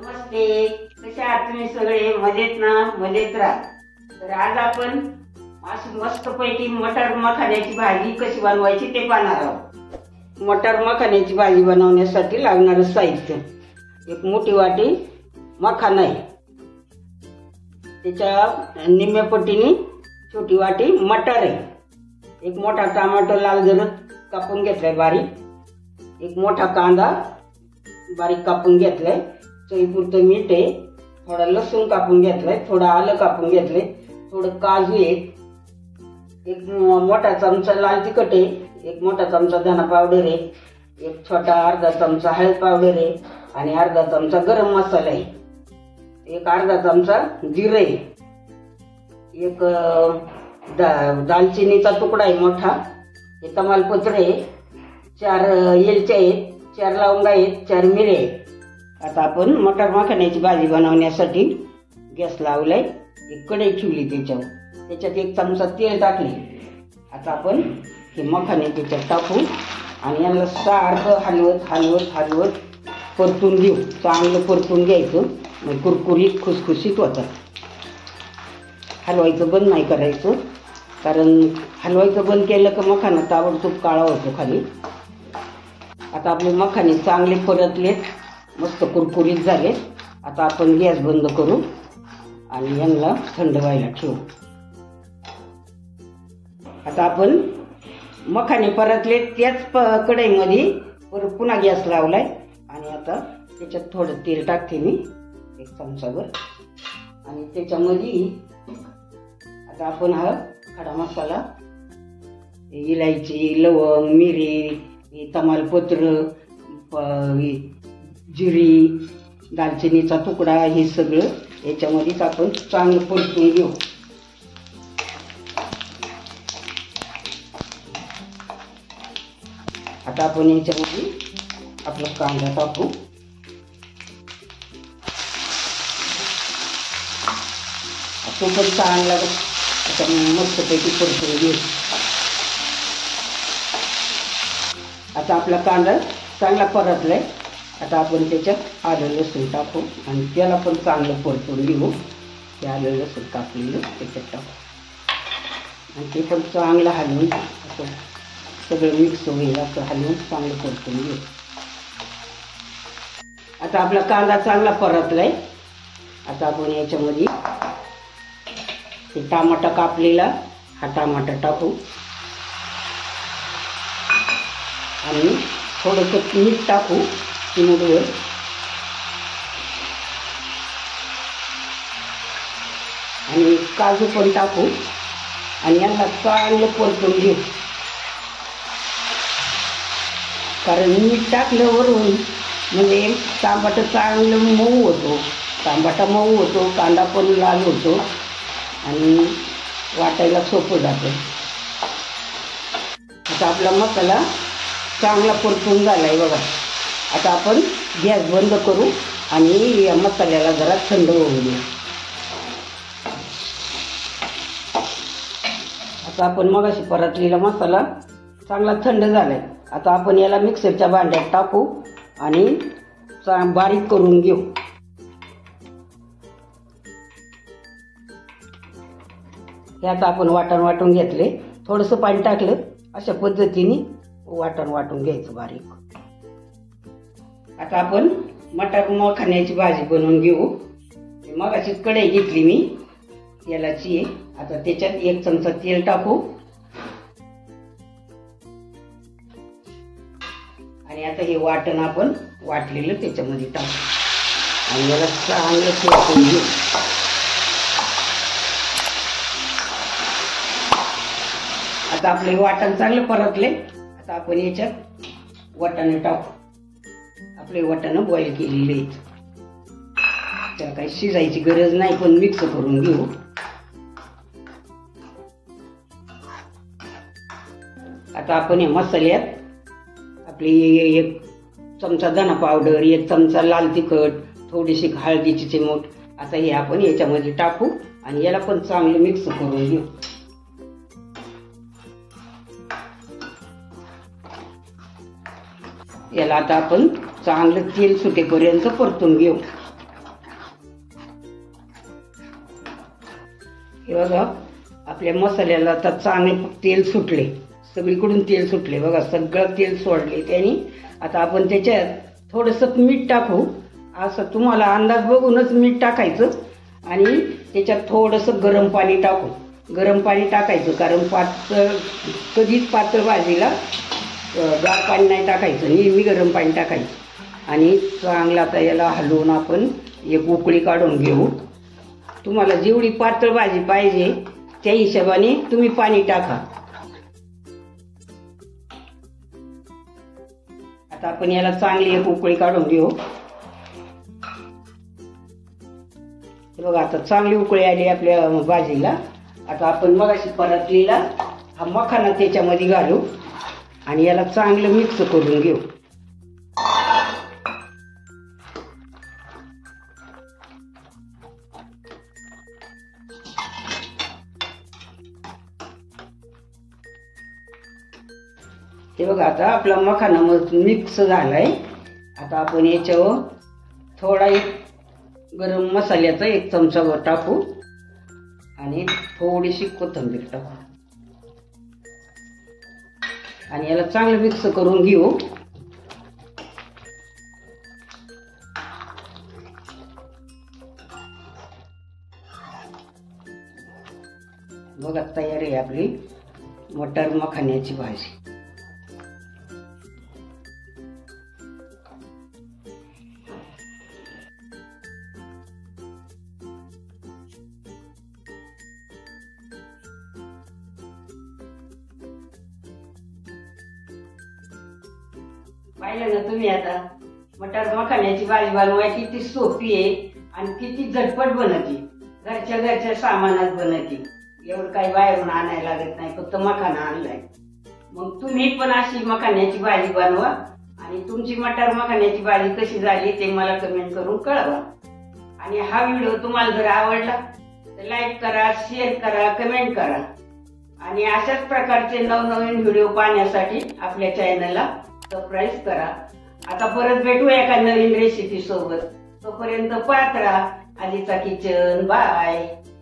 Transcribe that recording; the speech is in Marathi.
नमस्ते कशा आहात तुम्ही सगळे मजेत ना मजेत राहा तर आज आपण अशी मस्तपैकी मटर मखाण्याची भाजी कशी बनवायची ते पाहणार आहोत मटर मखाण्याची भाजी बनवण्यासाठी लागणार साहित्य एक मोठी वाटी मखाना आहे त्याच्या निम्म्या छोटी वाटी मटर आहे एक मोठा टमाटो लाल जरूर कापून घेतलाय बारीक एक मोठा कांदा बारीक कापून घेतलाय चवीपुरतं मीठ आहे थोडा लसूण कापून घेतलाय थोडं आलं कापून घेतलंय थोडं काजू एक एक मोठा चमचा लाल तिखट आहे एक मोठा चमचा धना पावडर आहे एक छोटा अर्धा चमचा हळद पावडर आहे आणि अर्धा चमचा गरम मसाला आहे एक अर्धा चमचा जिरे एक दालचिनीचा तुकडा आहे मोठा हे तमालपत्र आहे चार येलचे आहेत चार लवंगा आहेत चार मिरे आहेत आता आपण मटार मखाण्याची भाजी बनवण्यासाठी गॅस लावलाय एक कढई ठेवली त्याच्यावर त्याच्यात एक चमचा तेल टाकले आता आपण हे मखाने त्याच्यात टाकू आणि यांना सारखं हलवत हलवत हलवत परतून घेऊ चांगलं परतून घ्यायचं मग कुरकुरीत खुसखुशीत होतात हलवायचं बंद नाही करायचं कारण हलवायचं बंद केलं का मखाना ताबडतोब काळा होतो खाली आता आपले मखाने चांगले परतलेत मस्त कुरकुरीत झाले आता आपण गॅस बंद करू आणि यांना थंड व्हायला ठेवू आता आपण मखाने परतले त्याच प कढईमध्ये परत पुन्हा गॅस लावलाय आणि आता त्याच्यात थोडं तेल टाकते मी एक चमचाभर आणि त्याच्यामध्ये आता आपण हा खडा मसाला इलायची लवंग मिरी तमालपत्र जिरी दालचिनीचा तुकडा हे सगळं याच्यामध्येच आपण चांगलं परतून घेऊ आता आपण याच्यामध्ये आपला कांदा टाकू तो पण चांगला आता मस्तपैकी परतून घेऊ आता आपला कांदा चांगला परतलाय आता आपण त्याच्यात आलं लसूण टाकू आणि त्याला पण चांगलं परतून घेऊ ते आलं लसूण कापलेलं त्याच्यात टाकू आणि ते पण चांगलं हलवून असं सगळं मिक्स होईल असं हलवून चांगलं परतून घेऊ आता आपला कांदा चांगला परतला आहे आता आपण याच्यामध्ये ते टमाटा कापलेला हा टमाटा टाकू आणि थोडंसं मीठ टाकू आणि काजू पण टाकू आणि यांना चांगलं परतून घेऊ कारण मीठ टाकल्यावरून म्हणजे तांबाटं चांगलं मऊ होतो तांबाटा मऊ होतो कांदा पण लाल होतो आणि वाटायला सोपं जातं आता आपला मसाला चांगला परतून झाला आहे बघा आता आपण गॅस बंद करू आणि या मसाल्याला जरा थंड होऊ देऊ आता आपण मगाशी परतलेला मसाला चांगला थंड झालाय आता आपण याला मिक्सरच्या भांड्यात टाकू आणि बारीक करून घेऊ आता आपण वाटण वाटून घेतले थोडंसं पाणी टाकलं अशा पद्धतीने वाटण वाटून घ्यायचं बारीक आता आपण मटार मखान्याची भाजी बनवून घेऊ मग अशी कढई घेतली मी तेलाची आता त्याच्यात एक चमचा तेल टाकू आणि आता हे वाटण आपण वाटलेलं त्याच्यामध्ये टाकू आणि याला चांगलं सोडून घेऊ आता आपले वाटण चांगलं परतले आता आपण याच्यात वाटाणे टाकू आपले वाटाणं बॉईल केलेले काही शिजायची गरज नाही पण मिक्स करून घेऊ आता आपण या मसाल्यात आपली एक चमचा धणा पावडर एक चमचा लाल तिखट थोडीशी हळदीची चिमूट आता हे आपण याच्यामध्ये टाकू आणि याला पण चांगलं मिक्स करून घेऊ याला आता आपण चांगलं तेल सुटेपर्यंत परतून घेऊ हे बघा आपल्या मसाल्याला आता चांगले तेल सुटले सगळीकडून तेल सुटले बघा सगळं तेल सोडले त्याने आता आपण त्याच्यात थोडस मीठ टाकू असं तुम्हाला अंदाज बघूनच मीठ टाकायचं आणि त्याच्यात थोडस गरम पाणी टाकू गरम पाणी टाकायचं कारण पातळ कधीच पातळ भाजीला गार पाणी नाही टाकायचं नेहमी गरम पाणी टाकायचं आणि चांगला आता याला हलवून आपण एक उकळी काढून घेऊ तुम्हाला जेवढी पातळ भाजी पाहिजे त्या हिशोबाने तुम्ही पाणी टाका आता आपण याला चांगली एक उकळी काढून घेऊ बघा आता चांगली उकळी आली आपल्या भाजीला आता आपण मगाशी परतलेला हा मखाना त्याच्यामध्ये घालू आणि याला चांगलं मिक्स करून घेऊ हे बघा आता आपला मखाना मग मिक्स झाला आहे आता आपण याच्यावर थोडा एक गरम मसाल्याचा एक चमचावर टाकू आणि थोडीशी कोथंबीर टाकू आणि याला चांगलं मिक्स करून घेऊ बघा तयार आहे आपली मटर मखाण्याची भाजी पाहिलं ना तुम्ही आता मटार मखाण्याची भाजी बनवाय किती सोपी आहे आणि किती झटपट बनवते घरच्या घरच्या सामानात बनवते एवढं काही बाहेरून आणायला लागत नाही फक्त मखाना आणलाय मग तुम्ही पण अशी मखाण्याची भाजी बनवा आणि तुमची मटार मखाण्याची भाजी कशी झाली ते मला कमेंट करून कळवा आणि हा व्हिडिओ तुम्हाला जर आवडला तर लाईक करा शेअर करा कमेंट करा आणि अशाच प्रकारचे नवनवीन व्हिडिओ पाहण्यासाठी आपल्या चॅनलला सरप्राईज करा आता परत भेटूया एका नवीन रेसिपी सोबत तोपर्यंत पात्रा आजीचा किचन बाय